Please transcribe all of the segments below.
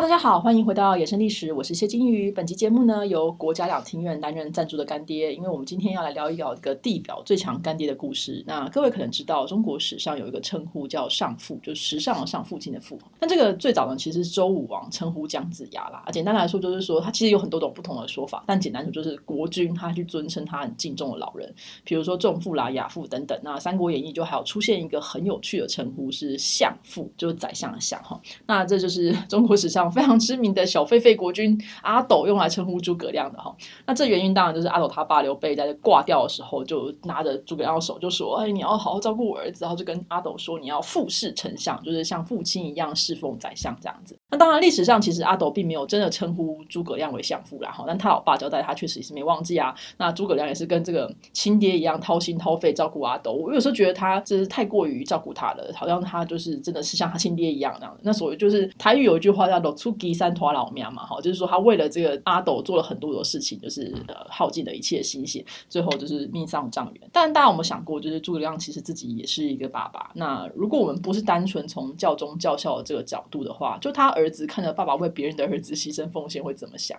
大家好，歡迎回到《野生歷史》，我是謝金魚。本期節目呢，由國家兩廳院擔任贊助的乾爹。因為我們今天要來聊一聊一個地表最強乾爹的故事。那各位可能知道，中國史上有一個稱呼叫“尚父”，就是時尚的尚，父親的父。那這個最早呢，其實是周武王稱呼姜子牙啦。簡單來說，就是說他其實有很多種不同的說法，但簡單來說就是國君他去尊稱他很敬重的老人，比如說仲父啦、亞父等等。那《三國演義》就還有出現一個很有趣的稱呼是“相父”，就是宰相的相哈。那這就是中國史上。非常知名的小廢廢國君阿斗用來稱呼諸葛亮的哈。那這原因當然就是阿斗他爸劉備在這掛掉的時候，就拿着諸葛亮的手就說：“哎、欸，你要好好照顧我兒子。”然後就跟阿斗說：“你要父事丞相，就是像父親一樣侍奉宰相這樣子。”那當然，歷史上其實阿斗並沒有真的稱呼諸葛亮為相父啦哈，但他老爸交代他確實也是沒忘記啊。那諸葛亮也是跟這個親爹一樣掏心掏肺照顧阿斗。我有時候覺得他就是太過於照顧他了，好像他就是真的是像他親爹一樣那樣的。那所以就是台語有一句話叫“斗”。出祁三托老廟嘛，好，就是說他為了這個阿斗做了很多的事情，就是呃耗盡了一切心血，最後就是命喪五丈原。但大家有沒有想過，就是諸葛亮其實自己也是一個爸爸？那如果我們不是單純從教忠教孝的這個角度的話，就他兒子看着爸爸為別人的兒子犧牲奉獻會怎麼想？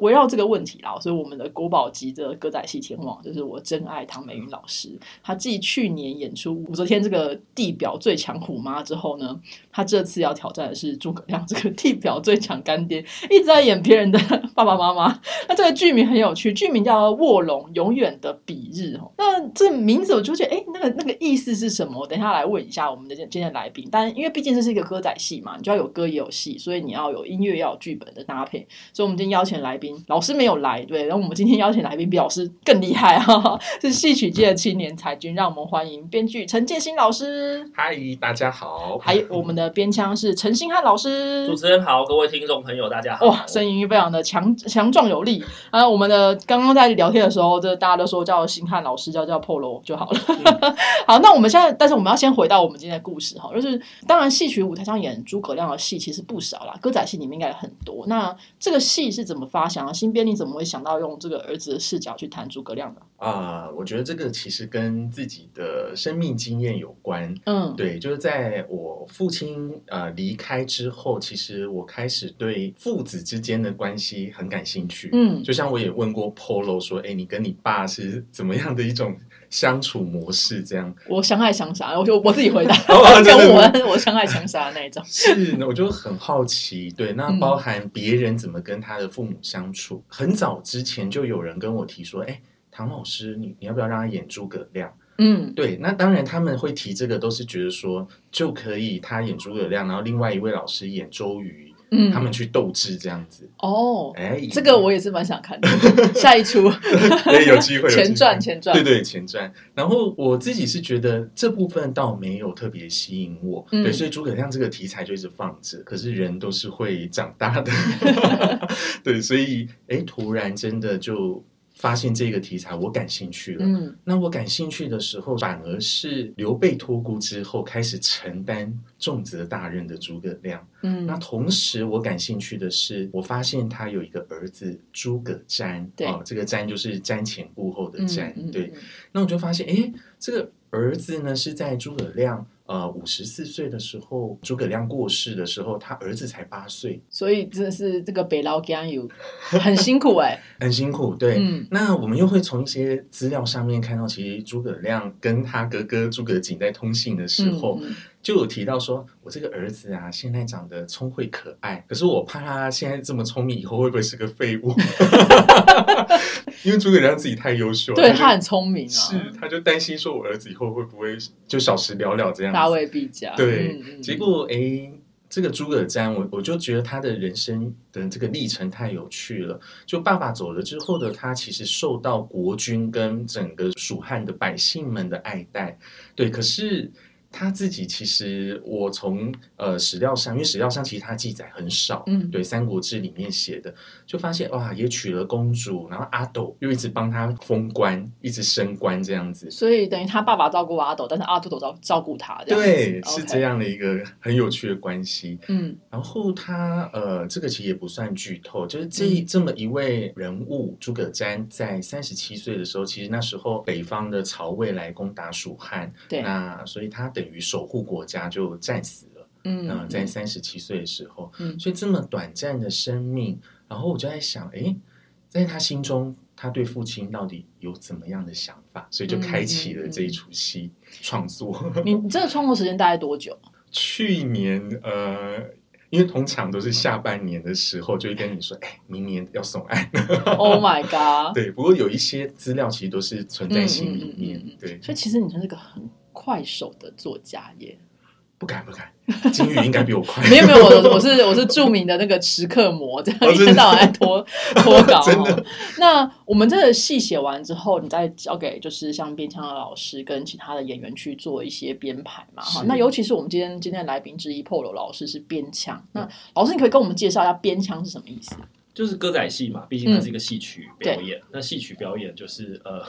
圍繞這個問題啦，所以我們的國寶級的歌仔戲天王，就是我真愛唐美雲老師，他繼去年演出武則天這個地表最強虎媽之後呢，他這次要挑戰的是諸葛亮這個地表。表最強乾爹，一直在演別人的爸爸媽媽，那這個劇名很有趣，劇名叫《臥龍永遠的彼日》哦。那這名字我就覺得，哎、欸，那個那個意思是什麼？等一下來問一下我們的今今天來賓。但因為畢竟這是一個歌仔戲嘛，你就要有歌也有戲，所以你要有音樂要有劇本的搭配。所以我們今天邀請來賓，老師沒有來，對。然後我們今天邀請來賓比老師更厲害哈，哈。是戲曲界的青年才俊，讓我們歡迎編劇陳健星老師。嗨，大家好。還有我們的編腔是陳歆翰老師。主持人好。好，各位聽眾朋友，大家好！哇、哦，聲音非常的強、強壯有力。啊、 呃，我們的剛剛在聊天的時候，就是大家都說叫歆翰老師，叫叫 Polo 就好了。嗯、 好，那我們現在，但是我們要先回到我們今天的故事哈，就是當然戲曲舞台上演諸葛亮的戲其實不少啦，歌仔戲裡面應該有很多。那這個戲是怎麼發想啊？新編你怎麼會想到用這個兒子的視角去談諸葛亮的？啊、嗯呃，我覺得這個其實跟自己的生命經驗有關。嗯，對，就是在我父親呃離開之後，其實我。開始對父子之間的關係很感興趣，嗯，就像我也問過 Polo 說，哎、欸，你跟你爸是怎麼樣的一種相處模式？這樣，我相愛相殺，我就我自己回答， 哦、 我，我相愛相殺那一種。是，那我就很好奇，對，那包含別人怎麼跟他的父母相處。嗯、很早之前就有人跟我提說，哎、欸，唐老師，你你要不要讓他演諸葛亮？嗯，對，那當然他們會提這個，都是覺得說就可以他演諸葛亮，然後另外一位老師演周瑜。他們去鬥智這樣子哦，哎、欸，這個我也是蠻想看的。 下一出，對，有機會前傳前傳對對，前傳。然後我自己是覺得這部分倒沒有特別吸引我，嗯、對，所以諸葛亮這個題材就一直放着，可是人都是會長大的， 對，所以哎、欸，突然真的就。發現這個題材我感興趣了，嗯、那我感興趣的時候，反而是劉備托孤之後開始承擔重責大任的諸葛亮，嗯、那同時我感興趣的是，我發現他有一個兒子諸葛瞻，對、嗯，啊、這個瞻就是瞻前顧後的瞻，嗯、對，嗯、那我就發現，哎，這個兒子呢是在諸葛亮。呃，五十四歲的時候，諸葛亮過世的時候，他兒子才八歲，所以真的是這個北佬家有很辛苦哎、欸， 很辛苦。對，嗯、那我們又會從一些資料上面看到，其實諸葛亮跟他哥哥諸葛瑾在通信的時候。嗯嗯就有提到說，我這個兒子啊，現在長得聰慧可愛，可是我怕他現在這麼聰明，以後會不會是個廢物？ 因為諸葛亮自己太優秀了，對他，就他很聰明啊，是他就擔心說，我兒子以後會不會就小時了了這樣？大未必佳。對，嗯嗯，結果哎，這個諸葛瞻，我我就覺得他的人生的這個歷程太有趣了。就爸爸走了之後的他，其實受到國君跟整個蜀漢的百姓們的愛戴，對，可是。他自己其實，我從呃史料上，因為史料上其實他記載很少，嗯，對《三國志》裡面寫的，就發現哇，也娶了公主，然後阿斗又一直幫他封官，一直升官這樣子。所以等於他爸爸照顧阿斗，但是阿斗都照照顧他這樣。對，Okay. 是這樣的一個很有趣的關係。嗯，然後他呃，這個其實也不算劇透，就是這這麼一位人物、嗯、諸葛瞻，在三十七歲的時候，其實那時候北方的曹魏來攻打蜀漢，對，那所以他等。於守護國家就戰死了，嗯，呃、在三十七歲的時候，嗯，所以這麼短暫的生命，嗯、然後我就在想，哎、欸，在他心中，他對父親到底有怎麼樣的想法？嗯、所以就開啟了這一出戲創作。嗯嗯、 你這個創作時間大概多久？去年呃，因為通常都是下半年的時候，就會跟你說，哎、欸，明年要送案 Oh my god！對，不過有一些資料其實都是存在心裡面，嗯、對、嗯嗯嗯，所以其實你真是個很。快手的作家，也不敢不敢，金宇應該比我快。 沒有沒有，我我是我是著名的那個遲刻魔，這樣一天到晚在拖拖稿。 的那我們這個戲寫完之後，你再交給、okay, 就是像編腔的老師跟其他的演員去做一些編排嘛？哈是。那尤其是我們今天今天來賓之一，Polo 老師是編腔。嗯、那老師，你可以跟我們介紹一下編腔是什麼意思？就是歌仔戲嘛，畢竟它是一個戲曲表演。嗯、那戲曲表演就是呃。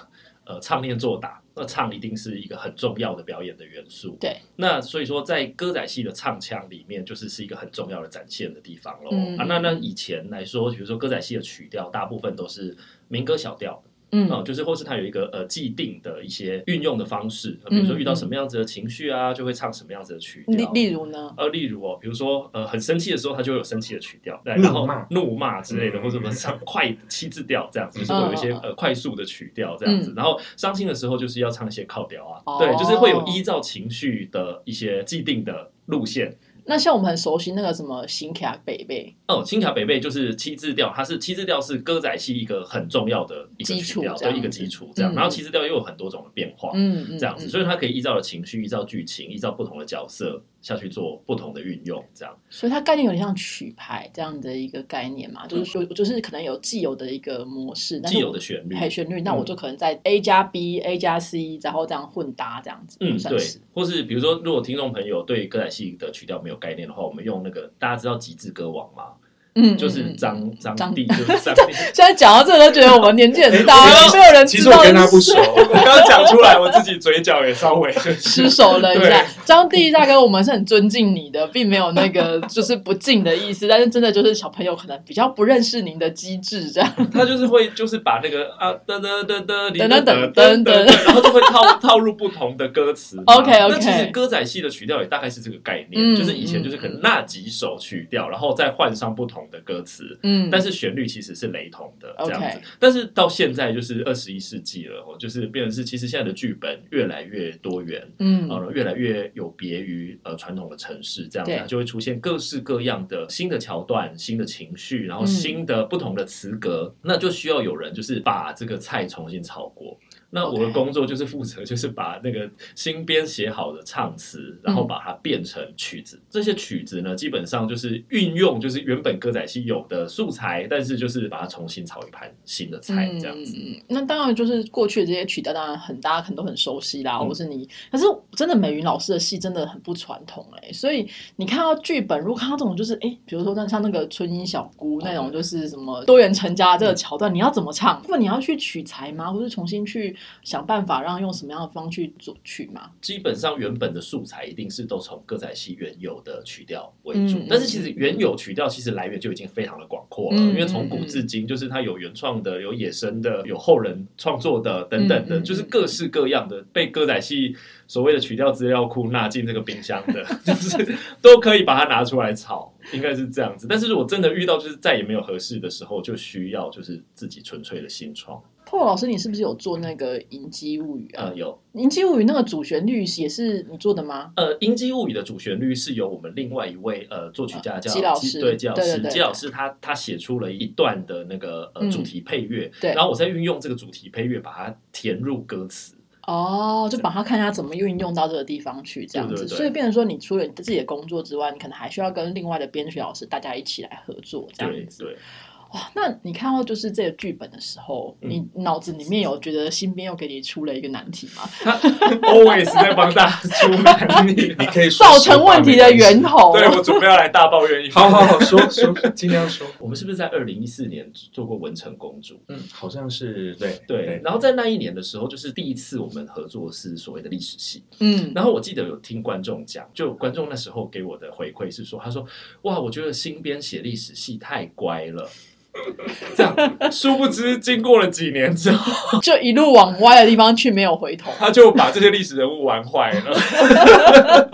呃，唱念作打，那、呃、唱一定是一個很重要的表演的元素。對，那所以說，在歌仔戲的唱腔裡面，就是是一個很重要的展現的地方嘍。嗯、啊，那那以前來說，比如說歌仔戲的曲調，大部分都是民歌小調。嗯、啊，就是或是他有一個呃既定的一些運用的方式、啊，比如說遇到什麼樣子的情緒啊，嗯、就會唱什麼樣子的曲調。例例如呢？呃、啊，例如哦，比如說呃，很生氣的時候，他就會有生氣的曲調，對，然後怒罵、怒罵之類的，嗯、或者什麼唱快七字調這樣子，嗯、就是會有一些、嗯、呃快速的曲調這樣子。嗯、然後傷心的時候，就是要唱一些靠調啊，哦、對，就是會有依照情緒的一些既定的路線。那像我們很熟悉那個什麼新卡北貝，哦、嗯，新卡北貝就是七字調，它是七字調，是歌仔戲一個很重要的一個基礎，對，一個基礎這樣，嗯、然後七字調又有很多種的變化，嗯，這樣子，嗯嗯嗯、所以它可以依照的情緒，依照劇情，依照不同的角色。下去做不同的運用，這樣，所以它概念有點像曲牌這樣的一個概念嘛，嗯、就是說，就是可能有既有的一個模式，既有的旋律，還有旋律，嗯、那我就可能在 A 加 B A、A 加 C，然後這樣混搭這樣子，嗯，是對。或是比如說，如果聽眾朋友對歌仔戲的曲調沒有概念的話，我們用那個大家知道極致歌王嗎？嗯，就是張張張帝，就是張帝。現在講到這都覺得我們年紀很大了，沒有人知道。其實我跟他不熟，我剛剛講出來，我自己嘴角也稍微失守了一下。張帝大哥，我們是很尊敬你的，並沒有那個就是不敬的意思。但是真的就是小朋友可能比較不認識您的機智這樣。他就是會就是把那個啊噔噔噔噔噔噔噔噔，然後就會套套入不同的歌詞。OK OK。其實歌仔戲的曲調也大概是這個概念，就是以前就是可能那幾首曲調，然後再換上不同的歌詞，嗯，但是旋律其實是雷同的這樣子。Okay. 但是到現在就是二十一世紀了哦，就是變成是，其實現在的劇本越來越多元，嗯、啊，越來越有別於呃傳統的程式，這樣子，對就會出現各式各樣的新的橋段、新的情緒，然後新的不同的詞格，嗯、那就需要有人就是把這個菜重新炒過。那我的工作就是負責，就是把那個新編寫好的唱詞，okay, 然後把它變成曲子。嗯、這些曲子呢，基本上就是運用就是原本歌仔戲有的素材，但是就是把它重新炒一盤新的菜，嗯、這樣子。那當然就是過去的這些曲子當然很大家可能都很熟悉啦，嗯、或是你，可是真的美雲老師的戲真的很不傳統哎、欸。所以你看到劇本，如果看到這種就是，哎，比如說像像那個春櫻小姑那種，就是什麼多元成家這個橋段，嗯、你要怎麼唱？不，你要去取材嗎？或是重新去？想辦法讓用什麼樣的方式做曲嘛？基本上原本的素材一定是都從歌仔戲原有的曲調為主，嗯嗯、但是其實原有曲調其實來源，就已經非常的廣闊了，嗯嗯嗯、因為從古至今就是它有原創的、有野生的、有後人創作的等等的，嗯嗯、就是各式各樣的被歌仔戲所謂的曲調資料庫納進這個冰箱的，嗯、就是都可以把它拿出來炒， 應該是這樣子。但是如果真的遇到就是再也沒有合適的時候，就需要就是自己純粹的新創。霍老師，你是不是有做那個《銀基物語》啊，呃？有《銀基物語》那個主旋律也是你做的嗎？呃，《銀基物語》的主旋律是由我們另外一位呃作曲家叫季，呃、老師，對季老師，對對對對季老師他他寫出了一段的那個呃主題配樂，對，嗯，然後我再運用這個主題配樂把它填入歌詞，對哦，就把它看一下怎麼運用到這個地方去這樣子，對對對對所以變成說，你除了你自己的工作之外，你可能還需要跟另外的編曲老師大家一起來合作這樣子。對對對哇，那你看到就是這個劇本的時候，你腦子裡面有覺得新編又給你出了一個難題嗎？他，Always 在幫大家出難題，你可以說造成問題的源頭。對，我準備要來大抱怨一番。好好好，說說，儘量說。我們是不是在二零一四年做過《文成公主》？嗯，好像是對對。然後在那一年的時候，就是第一次我們合作是所謂的歷史戲。嗯，然後我記得有聽觀眾講，就觀眾那時候給我的回饋是說，他說：“哇，我覺得新編寫歷史戲太乖了。”這樣，殊不知，經過了幾年之後，就一路往歪的地方去，沒有回頭。他就把這些歷史人物玩壞了。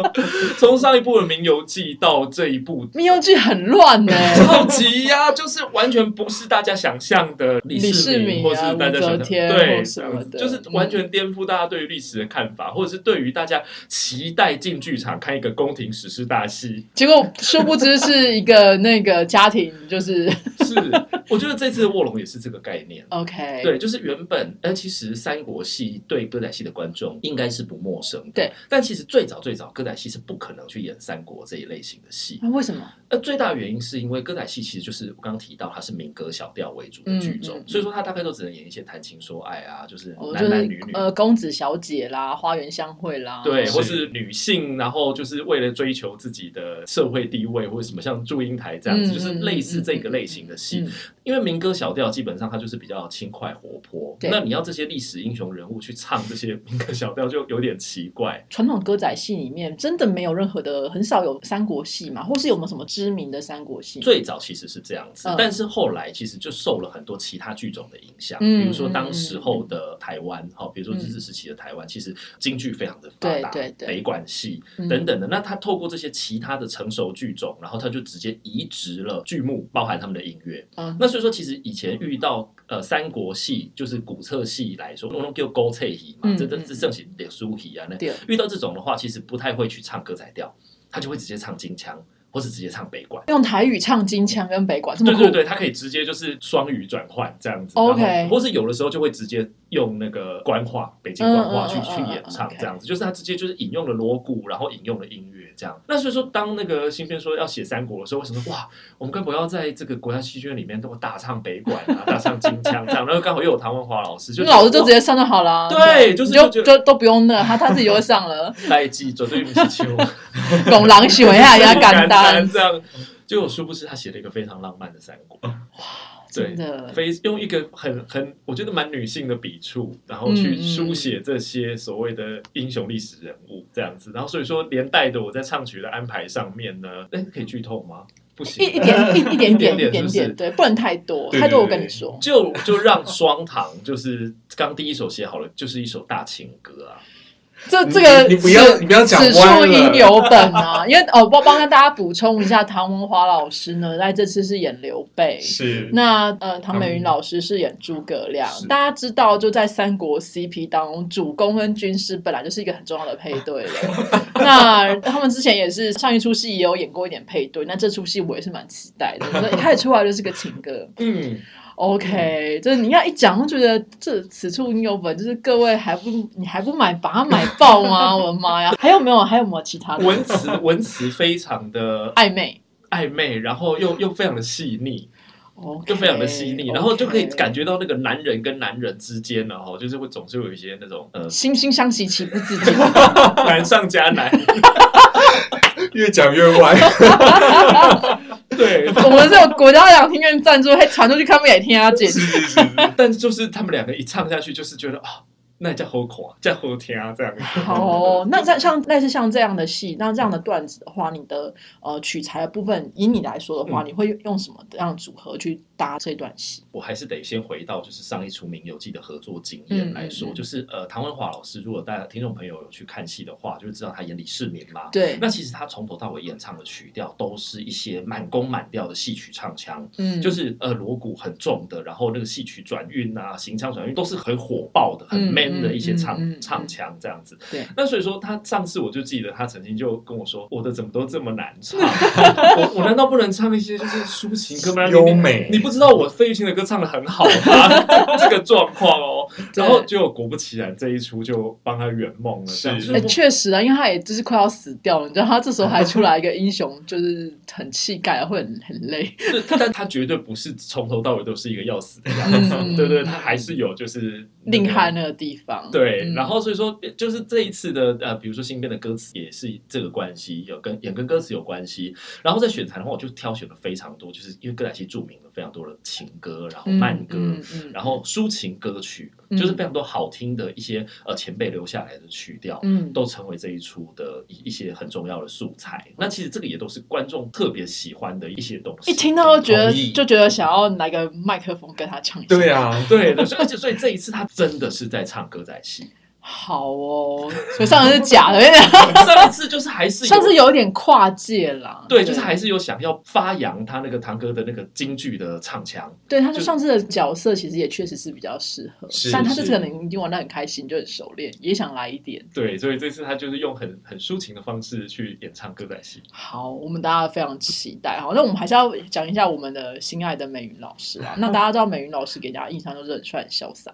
從上一部《冥遊記》到這一部《冥遊記》，很亂呢，超級呀，就是完全不是大家想象的李世民，或是大家想對什麼的，就是完全顛覆大家對於歷史的看法，或者是對於大家期待進劇場看一個宮廷史詩大戲，結果殊不知是一個那個家庭，就是是。 我覺得這次的臥龍也是這個概念。OK，對，就是原本、呃，其實三國戲對歌仔戲的觀眾應該是不陌生的。對，但其實最早最早歌仔戲是不可能去演三國這一類型的戲。啊、為什麼？呃，最大原因是因為歌仔戲其實就是我剛剛提到，它是民歌小調為主的劇種，嗯嗯、所以說它大概都只能演一些談情說愛啊，就是男男女女、哦就是、呃公子小姐啦、花園相會啦，對，是或是女性，然後就是為了追求自己的社會地位或者什麼，像祝英台這樣子，嗯、就是類似這個類型的戲。嗯嗯嗯嗯嗯因為民歌小調基本上它就是比較輕快活潑，對那你要這些歷史英雄人物去唱這些民歌小調就有點奇怪。傳統歌仔戲裡面真的沒有任何的，很少有三國戲嘛，或是有沒有什麼知名的三國戲？最早其實是這樣子，嗯、但是後來其實就受了很多其他劇種的影響，嗯、比如說當時候的台灣哈，嗯、比如說日治時期的台灣，嗯、其實京劇非常的發達，對對對，北管戲、嗯、等等的。那他透過這些其他的成熟劇種，然後他就直接移植了劇目，包含他們的音樂。嗯那所以說，其實以前遇到呃三國戲，就是古冊戲，來說，攏攏叫勾翠戲嘛，嗯嗯，這都是正經臉譜戲啊。那對遇到這種的話，其實不太會去唱歌仔調，他就會直接唱京腔。嗯嗯或是直接唱北管，用台語唱京腔跟北管，對對對，他可以直接就是雙語轉換這樣子。OK，或是有的時候就會直接用那個官話、北京官話去去演唱這樣子，就是他直接就是引用了鑼鼓，然後引用了音樂這樣。那所以說，當那個新編說要寫三國的時候，為什麼哇？我們更不要在這個國家戲劇院裡面都大唱北管啊，大唱京腔，這樣？然後剛好又有唐文華老師，就老師就直接上就好了。對，就是就就都不用那他他自己就會上了。賽季絕對不是秋，狗狼熊一下也敢打。嗯、這樣，就我殊不知他寫了一個非常浪漫的《三國》對，哇，真的，非用一個很很，我覺得蠻女性的筆觸，然後去書寫這些所謂的英雄歷史人物這樣、嗯、這樣子，然後所以說連帶的我在唱曲的安排上面呢，欸、可以劇透嗎？嗯、不行，一一點一點， 一點點一點點，對，對，對，不能太多，太多我跟你說，就就讓雙糖，就是剛第一首寫好了，就是一首大情歌。啊。這這個是此處應有本啊，因為哦幫幫大家補充一下，唐文華老師呢在這次是演劉備，是那呃唐美雲老師是演諸葛亮。嗯、大家知道就在三國 CP 當中，主公跟軍師本來就是一個很重要的配對。 那他們之前也是上一齣戲也有演過一點配對，那這齣戲我也是蠻期待的，一開 始出來就是個情歌，嗯。OK，嗯、就是你要一講，我就覺得這此處應有本，就是各位還不你還不買，把它買爆嗎？我的媽呀！還有沒有？還有沒有其他的？文詞文詞非常的曖昧曖昧，然後又又非常的細膩，哦，就非常的細膩，然後就可以感覺到那個男人跟男人之間的哈，okay, 就是會總是有一些那種惺惺、呃、相惜情不自禁，男上加男， 越講越歪。 對， 我們是有國家兩廳院贊助，還傳出去看不給聽啊，姐姐。但就是他們兩個一唱下去，就是覺得哦，那叫何苦啊，叫何天啊，這樣。好哦，那像像類似像這樣的戲，那這樣的段子的話，你的呃取材的部分，以你來說的話，嗯、你會用什麼樣的組合去？搭這段戲，我還是得先回到就是上一齣冥遊記的合作經驗來說，嗯嗯、就是呃，唐文華老師，如果大家聽眾朋友有去看戲的話，就是知道他演李世民嘛。對，那其實他從頭到尾演唱的曲調都是一些滿宮滿調的戲曲唱腔，嗯，就是呃鑼鼓很重的，然後那個戲曲轉韻啊，行腔轉韻都是很火爆的、很 man 的一些唱、嗯嗯嗯嗯、唱腔這樣子。對，那所以說他上次我就記得他曾經就跟我說：“我的怎麼都這麼難唱？ 我我難道不能唱一些就是抒情歌嗎？優美。”「不知道我費玉清的歌唱得很好嗎？啊？ 這個狀況哦。對然後就果不其然，這一出就幫他圓夢了。是這樣子，哎，確實啊，因為他也就是快要死掉了，你知道他這時候還出來一個英雄， 就是很氣概，會很很累。但他絕對不是從頭到尾都是一個要死的樣子， 嗯、對對，他還是有就是厲、那個、害那個地方。對，嗯、然後所以說就是這一次的呃，比如說新編的歌詞也是這個關係，有跟也跟歌詞有關係。然後在選材的話，我就挑選了非常多，就是因為歌仔戲著名的非常多的情歌，然後慢歌，嗯嗯嗯、然後抒情歌曲。就是非常多好聽的一些呃前輩留下來的曲調，嗯，都成為這一出的一一些很重要的素材。那其實這個也都是觀眾特別喜歡的一些東西，一聽到就覺得意就覺得想要來個麥克風跟他唱。對啊，對的，而且所,所以這一次他真的是在唱歌仔戲。 好哦，所以上次是假的， 上一次就是還是上次有點跨界啦。對，對，就是還是有想要發揚他那個堂哥的那個京劇的唱腔。對，就他說上次的角色其實也確實是比較適合，是，是但他這次可能已經玩的很開心，就很熟練，也想來一點。對，所以這次他就是用很很抒情的方式去演唱歌仔戲。好，我們大家非常期待哈。那我們還是要講一下我們的心愛的美雲老師啊。嗯、那大家知道美雲老師給人家印象就是很帥、很瀟灑，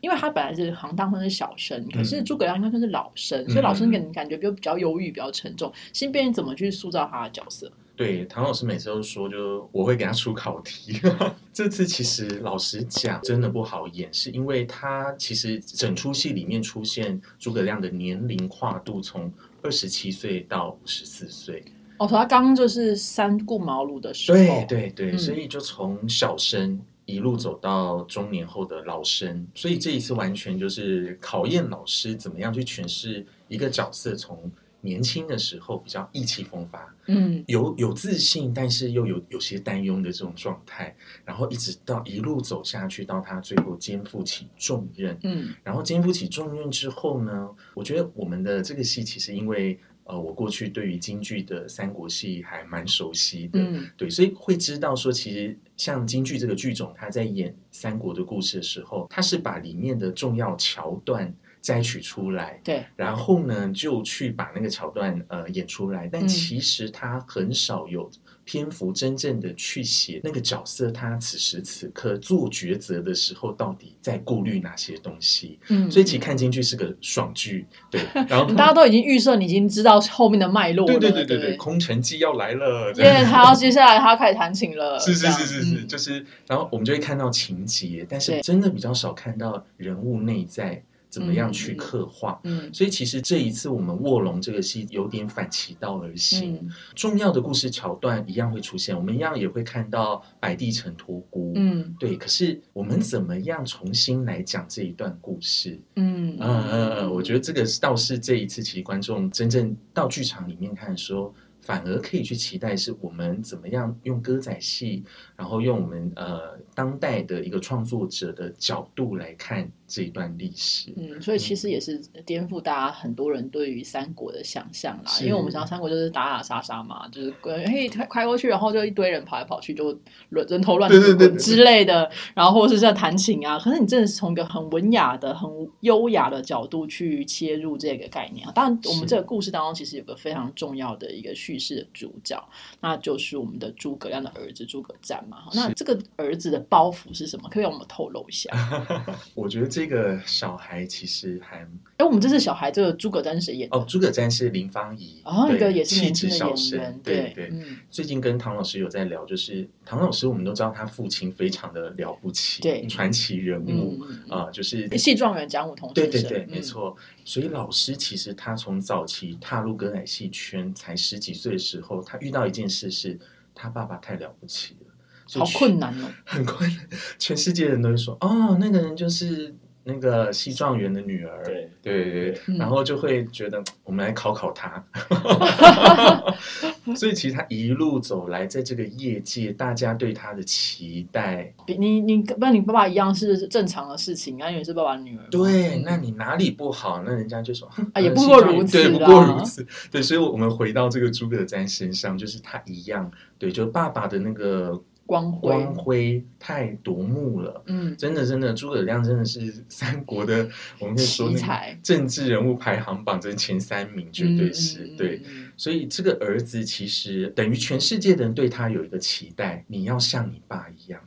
因為他本來是行當是小生。可是諸葛亮應該算是老生，嗯、所以老生給人感覺比較比較憂鬱、嗯、比較沉重。新編劇怎麼去塑造他的角色？對，唐老師每次都說就，就我會給他出考題。 這次其實老實講，真的不好演，是因為他其實整出戲裡面出現諸葛亮的年齡跨度從二十七歲到五十四歲。哦，他剛，剛就是三顧茅廬的時候，對對對，所以就從小生。嗯一路走到中年後的老生，所以這一次完全就是考驗老師怎麼樣去詮釋一個角色，從年輕的時候比較意氣風發，嗯，有有自信，但是又有有些擔憂的這種狀態，然後一直到一路走下去，到他最後肩負起重任，嗯，然後肩負起重任之後呢，我覺得我們的這個戲其實因為。呃，我過去對於京劇的三國戲還蠻熟悉的，嗯、對，所以會知道說，其實像京劇這個劇種，他在演三國的故事的時候，他是把裡面的重要橋段摘取出來，對，然後呢就去把那個橋段呃演出來，但其實他很少有。嗯天賦真正的去寫那個角色，他此時此刻做抉擇的時候，到底在顧慮哪些東西？嗯，所以其實看京劇是個爽劇，對。然後 大家都已經預設，已經知道後面的脈絡了，對對對對對，對對對空城計要來了，因為他要接下來他要開始彈琴了， 是是是是是，樣嗯、就是然後我們就會看到情節，但是真的比較少看到人物內在。怎麼樣去刻畫？嗯，嗯，所以其實這一次我們臥龍這個戲有點反其道而行，重要的故事橋段一樣會出現，嗯，我們一樣也會看到白帝城托孤。嗯，對。可是我們怎麼樣重新來講這一段故事？嗯，嗯嗯，我覺得這個倒是這一次其實觀眾真正到劇場裡面看，說反而可以去期待是我們怎麼樣用歌仔戲。然後用我們呃當代的一個創作者的角度來看這一段歷史，嗯，所以其實也是顛覆大家很多人對於三國的想象啦。是因為我們想到三國就是打打殺殺嘛，就是嘿開開過去，然後就一堆人跑來跑去，就人人頭亂對對對之類的，對對對對對，然後或是在彈琴啊。可是你真的是從一個很文雅的、很優雅的角度去切入這個概念啊。當然，我們這個故事當中其實有個非常重要的一個敘事的主角，是那就是我們的諸葛亮的兒子諸葛瞻。那這個兒子的包袱是什麼？可以讓我們透露一下。我覺得這個小孩其實還……哎，我們這是小孩，這個諸葛瞻是誰演？哦，諸葛瞻是林芳儀，對，也是氣質小生。對對，最近跟唐老師有在聊，就是唐老師，我們都知道他父親非常的了不起，對，傳奇人物啊，就是戲狀元蔣武童。對對對，沒錯。所以老師其實他從早期踏入歌仔戲圈，才十幾歲的時候，他遇到一件事，是他爸爸太了不起。好困難哦！很困難，全世界人都會說：“哦，那個人就是那個西狀元的女兒。”對對對，對嗯、然後就會覺得我們來考考他。 所以其實他一路走來，在這個業界，大家對他的期待，比你你跟你爸爸一樣是正常的事情，因為是爸爸女兒。對，那你哪裡不好？那人家就說：“也不過,、啊、不過如此，對，不過如此。”對，所以，我們回到這個諸葛瞻身上，就是他一樣，對，就爸爸的那個。光輝太奪目了，嗯，真的真的，諸葛亮真的是三國的，嗯、奇才，我們可以說那個政治人物排行榜的前三名，絕對是，嗯、對。所以這個兒子其實等於全世界的人對他有一個期待，你要像你爸一樣。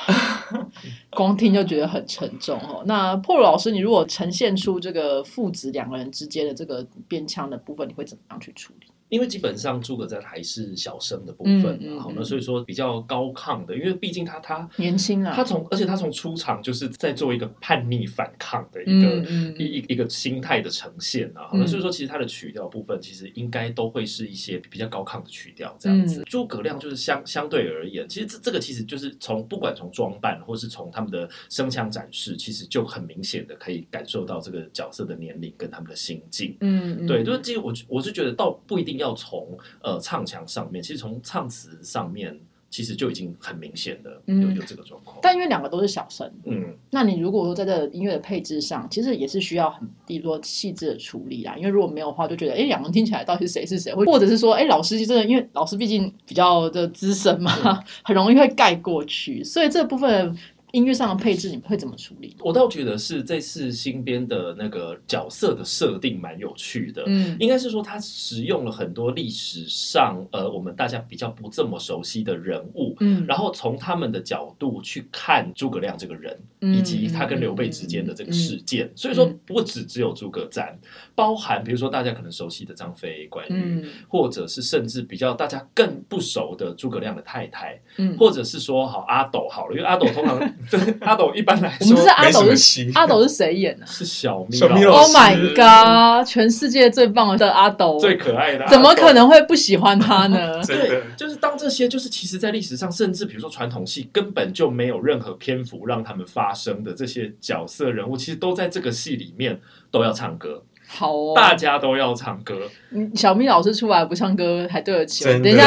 光聽就覺得很沉重哦。那破魯老師，你如果呈現出這個父子兩個人之間的這個編腔的部分，你會怎麼樣去處理？因為基本上諸葛瞻，還是小生的部分、嗯，嗯、好呢，那所以說比較高亢的，因為畢竟他他年輕啊，他從而且他從出場就是在做一個叛逆反抗的一個、嗯、一一個心態的呈現啊、嗯，好呢，那所以說其實他的曲調部分其實應該都會是一些比較高亢的曲調這樣子。諸、嗯、葛亮，就是相相對而言，其實這這個其實就是從不管從裝扮或是從他們的聲腔展示，其實就很明顯的可以感受到這個角色的年齡跟他們的心境。嗯，對，對，就是其實我我是覺得倒不一定。要從呃唱腔上面，其實從唱詞上面，其實就已經很明顯的有、嗯、有這個狀況。但因為兩個都是小聲，嗯，那你如果說在這個音樂的配置上，其實也是需要很，比如說細緻的處理啦。因為如果沒有的話，就覺得哎，兩、欸、個人聽起來到底誰是誰，或者是說哎、欸，老師就真的，因為老師畢竟比較的資深嘛，嗯、很容易會蓋過去，所以這部分。音樂上的配置你們會怎麼處理？我倒覺得是這次新編的那個角色的設定蠻有趣的，應該是說他使用了很多歷史上呃我們大家比較不這麼熟悉的人物，然後從他們的角度去看諸葛亮這個人，以及他跟劉備之間的這個事件，所以說不只只有諸葛瞻。包含，比如說大家可能熟悉的張飛、關羽，嗯、或者是甚至比較大家更不熟的諸葛亮的太太，嗯，或者是說好阿斗好了，因為阿斗通常 阿斗一般來說，我們不知道阿斗是阿斗是誰演呢？啊？是小咪，Oh my God！是全世界最棒的阿斗，最可愛的，怎麼可能會不喜歡他呢？ 的對，就是當這些，就是其實在歷史上，甚至比如說傳統戲根本就沒有任何篇幅讓他們發生的這些角色人物，其實都在這個戲裡面都要唱歌。好、哦，大家都要唱歌。小咪老師出來不唱歌，還對得起？等一下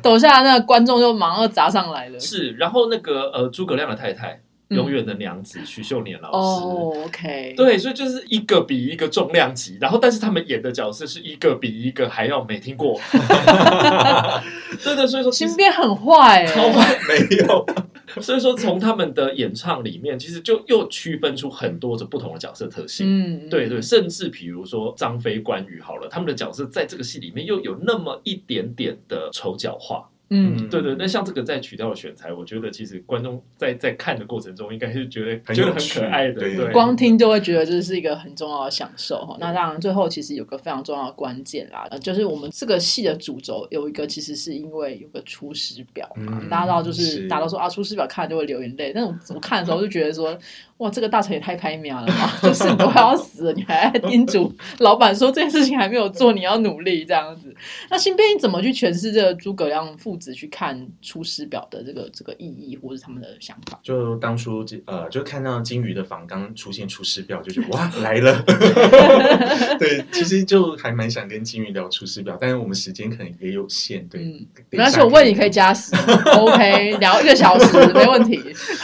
抖 下，那個觀眾就馬上砸上來了。是，然後那個呃，諸葛亮的太太。永遠的娘子、嗯、許秀年老師，哦，OK，對，所以就是一個比一個重量級，然後但是他們演的角色是一個比一個還要沒聽過， 對對，所以說新編很壞、欸、超壞沒有， 所以說從他們的演唱裡面，其實就又區分出很多的不同的角色特性，嗯，對對，甚至比如說張飛關羽好了，他們的角色在這個戲裡面又有那麼一點點的丑角化。嗯，對對，那像這個在曲調的選材，我覺得其實觀眾在在看的過程中，應該是覺得覺得很可愛的，對，的對，光聽就會覺得這是一個很重要的享受哈。那當然最後其實有個非常重要的關鍵啦，就是我們這個戲的主軸有一個，其實是因為有個出師表嘛，嗯、大家知道就是，是大家都說啊，出師表看了就會流眼淚，但我我看的時候就覺得說， 哇，這個大臣也太拍馬了嘛，就是你都要死了，你還叮囑老闆說這件事情還沒有做，你要努力這樣子。那新編你怎麼去詮釋這個，這個諸葛亮父。只去看《出師表》的這個這個意義，或者是他們的想法。就當初金呃，就看到金魚的房剛出現《出師表》，就覺得哇來了。 對，其、就、實、是、就還蠻想跟金魚聊《出師表》，但是我們時間可能也有限，對。但、嗯、是我問你可以加時 OK 聊一個小時 沒問題。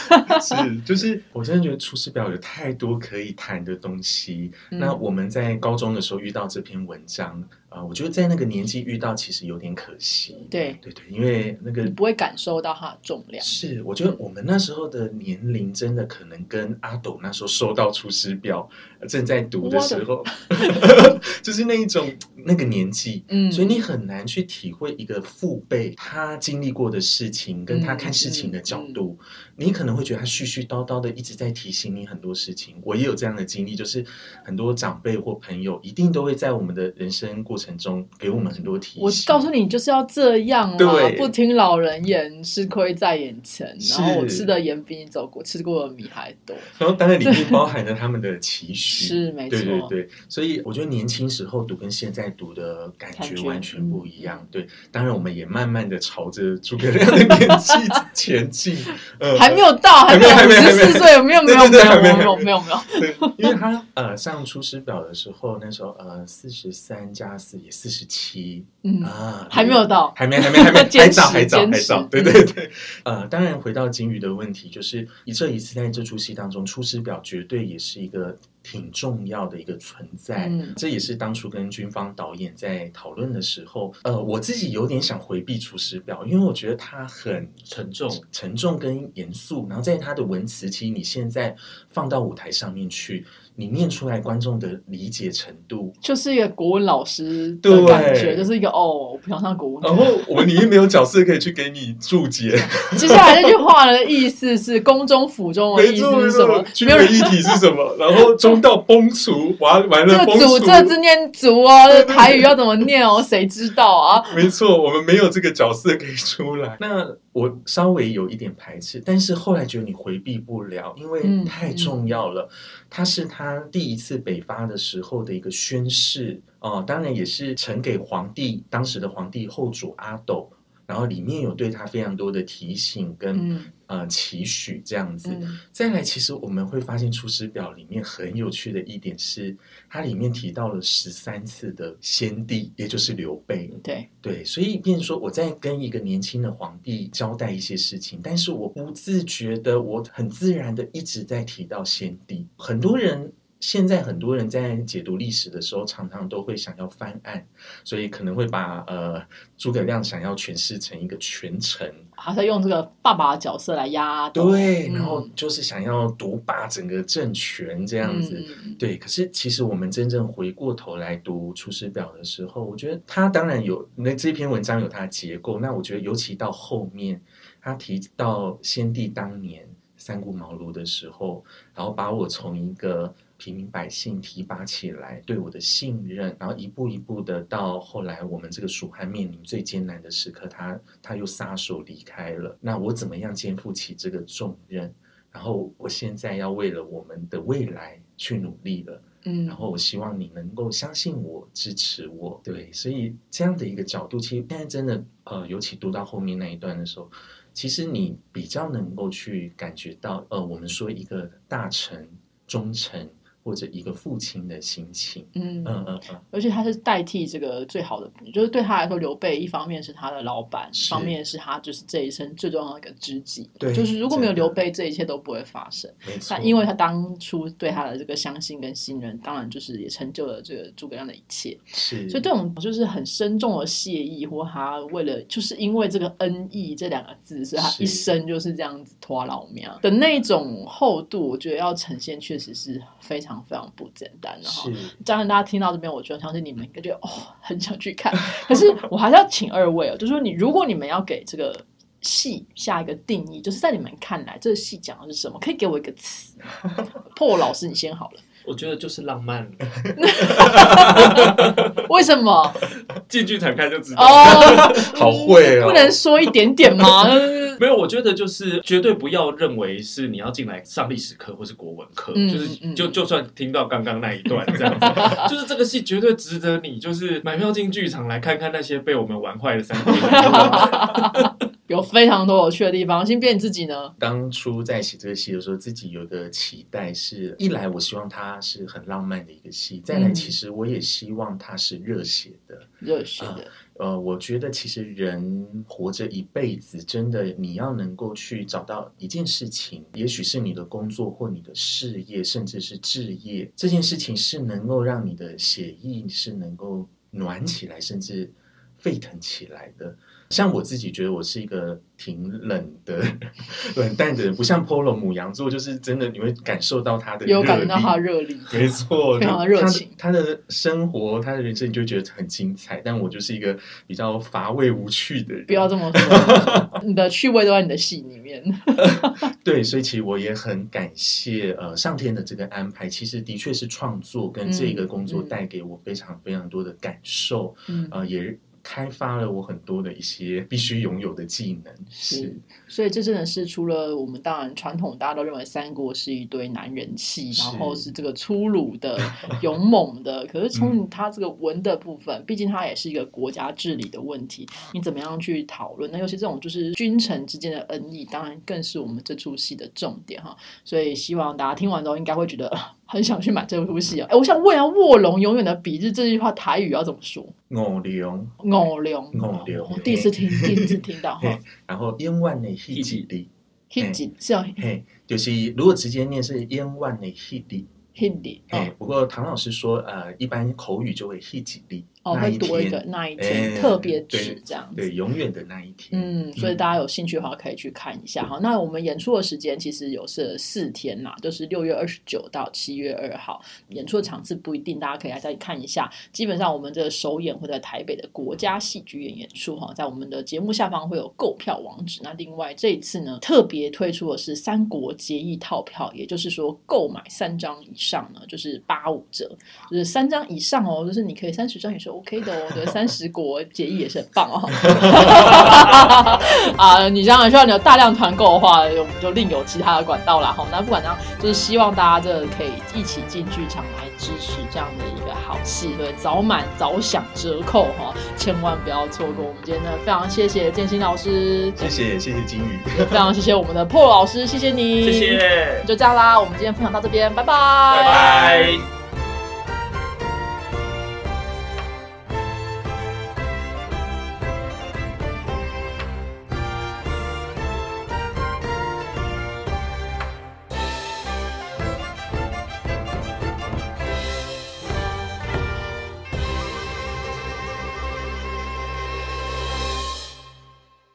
是，就是我真的覺得《出師表》有太多可以談的東西。嗯、那我們在高中的時候遇到這篇文章。啊，我覺得在那個年紀遇到，其實有點可惜。對，對對，因為那個你不會感受到它的重量。是，我覺得我們那時候的年齡，真的可能跟阿斗那時候收到出師表，正在讀的時候，我的 就是那一種。那個年紀，嗯、所以你很難去體會一個父輩他經歷過的事情，跟他看事情的角度，嗯嗯嗯、你可能會覺得他絮絮叨叨的一直在提醒你很多事情。我也有這樣的經歷，就是很多長輩或朋友一定都會在我們的人生過程中給我們很多提示。我告訴你，你就是要這樣啊，對不聽老人言，吃虧在眼前。是然後我吃的鹽比你走過吃過的米還多。然後當然裡面包含了他們的期許，對是沒錯。對對對，所以我覺得年輕時候讀跟現在。讀的感覺完全不一樣，對，當然我們也慢慢的朝着諸葛亮的年紀前進，還沒有到，還沒有，十四歲，沒有，沒有，沒有，沒有，沒有，沒有，沒有，因為他呃，上《出師表》的時候，那時候呃，四十三加四也四十七，啊，還沒有到，還沒，還沒，還沒，還沒，還早，還早，還早，對對對，呃，當然回到金魚的問題，就是以這一次在這齣戲當中，《出師表》絕對也是一個。挺重要的一個存在，嗯、這也是當初跟軍方導演在討論的時候，呃，我自己有點想回避《出師表》，因為我覺得它很沉重，沉重跟嚴肅，然後在它的文辭，其實你現在。放到舞台上面去，你念出來，觀眾的理解程度就是一個國文老師的感覺，就是一個哦，我不想上國文。然後我們你又沒有角色可以去給你注解。接下來這句話的意思是“宮中府中”的意思是什麼？俱為一體是什麼？然後中道崩殂完完了。這“殂”這字念“殂”哦，台語要怎麼念哦？誰知道啊？沒錯，我們沒有這個角色可以出來。那。我稍微有一點排斥，但是後來覺得你回避不了，因為太重要了。嗯嗯、他是他第一次北伐的時候的一個宣誓哦、呃，當然也是呈給皇帝，當時的皇帝後主阿斗。然後裡面有對他非常多的提醒跟。呃，期許這樣子，再來，其實我們會發現《出師表》裡面很有趣的一點是，它裡面提到了十三次的先帝，也就是劉備。對 Okay. 對，所以變說我在跟一個年輕的皇帝交代一些事情，但是我不自覺的，我很自然的一直在提到先帝。很多人現在很多人在解讀歷史的時候，常常都會想要翻案，所以可能會把呃諸葛亮想要詮釋成一個權臣。他在用這個爸爸的角色來壓，對，然後就是想要獨霸整個政權這樣子，嗯、對。可是其實我們真正回過頭來讀《出師表》的時候，我覺得他當然有那這篇文章有它的結構，那我覺得尤其到後面他提到先帝當年三顧茅廬的時候，然後把我從一個。平民百姓提拔起來，對我的信任，然後一步一步的到後來，我們這個蜀漢面臨最艱難的時刻，他他又撒手離開了。那我怎麼樣肩負起這個重任？然後我現在要為了我們的未來去努力了。嗯，然後我希望你能夠相信我，支持我，對。所以這樣的一個角度，其實現在真的呃，尤其讀到後面那一段的時候，其實你比較能夠去感覺到呃，我們說一個大臣忠誠，或者一個父親的心情，嗯嗯嗯，嗯，而且他是代替這個最好的，就是對他來說，劉備一方面是他的老闆，是方面是他就是這一生最重要的一個知己，對，就是如果沒有劉備，這一切都不會發生。錯但因為他當初對他的這個相信跟信任，當然就是也成就了這個諸葛亮的一切，是，所以這種就是很深重的謝意，或他為了就是因為這個恩義這兩個字，所以他一生就是這樣子拖老命的那種厚度，我覺得要呈現，確實是非常。非常不簡單的哈，當然是大家聽到這邊，我覺得相信你們應該就哦很想去看。可是我還是要請二位哦， 就是說你如果你們要給這個戲下一個定義，就是在你們看來這個戲講的是什麼，可以給我一個詞。破 老師，你先好了。我覺得就是浪漫了， 為什麼？進劇場看就知道了、oh, 哦，好會啊，不能說一點點嗎、 呃？沒有，我覺得就是絕對不要認為是你要進來上歷史課或是國文課、嗯就是，就是就就算聽到剛剛那一段這樣子， 就是這個戲絕對值得你就是買票進劇場來看看那些被我們玩壞的三。 有非常多有趣的地方。先變你自己呢？當初在寫這個戲的時候，自己有個期待是：一來我希望它是很浪漫的一個戲；再來，其實我也希望它是熱血的、熱血的。呃，我覺得其實人活着一輩子，真的你要能夠去找到一件事情，也許是你的工作或你的事業，甚至是職業，這件事情是能夠讓你的血液是能夠暖起來，甚至沸騰起來的。像我自己覺得我是一個挺冷的、冷淡的人，不像 Polo 牡羊座，就是真的你會感受到他的熱力，也有感受到他的熱力，沒錯，非常熱情他。他的生活，他的人生就覺得很精彩。但我就是一個比較乏味無趣的人。不要這麼說， 你的趣味都在你的戲裡面。 對，所以其實我也很感謝呃上天的這個安排。其實的確是創作跟這個工作帶給我非常非常多的感受、嗯嗯、呃也。開發了我很多的一些必須擁有的技能，是、是，所以這真的是除了我們當然傳統大家都認為三國是一堆男人戲，是然後是這個粗魯的、 勇猛的，可是從他這個文的部分，嗯、畢竟他也是一個國家治理的問題，你怎麼樣去討論？那尤其這種就是君臣之間的恩義，當然更是我們這出戲的重點哈。所以希望大家聽完之後應該會覺得，很想去買這部戲啊！哎，我想問一下，“臥龍永遠的彼日”這句話台語要怎麼說？臥龍，臥龍，臥龍。我第一次聽，第一次聽到哈。然後“煙萬內希幾力”，“希幾”是要嘿，就是如果直接念是“煙萬內希力”，“希力”嘿。不過唐老師說，呃，一般口語就會“希幾力”。哦，會多一個那一天，欸、特別值這樣子，對，對，永遠的那一天。嗯，嗯，所以大家有興趣的話可以去看一下哈。嗯、那我們演出的時間其實有設四天吶，就是六月二十九到七月二號。演出的場次不一定，大家可以來，再看一下。基本上我們的首演會在台北的國家戲劇院演出哈，在我們的節目下方會有購票網址。那另外這一次呢，特別推出的是三國結義套票，也就是說購買三張以上呢，就是八五折，就是三張以上哦，就是你可以三十張以上。OK 的、哦，我覺得三十國結義也是很棒哦。啊，你這樣，希望你有大量團購的話，我們就另有其他的管道啦。好，那不管怎樣，就是希望大家這可以一起進劇場來支持這樣的一個好戲，對，早買早享折扣哈，千萬不要錯過。我們今天呢，非常謝謝健星老師，謝謝謝謝金魚， 非常謝謝我們的破老師，謝謝你，謝謝，就這樣啦，我們今天分享到這邊，拜，拜拜。Bye bye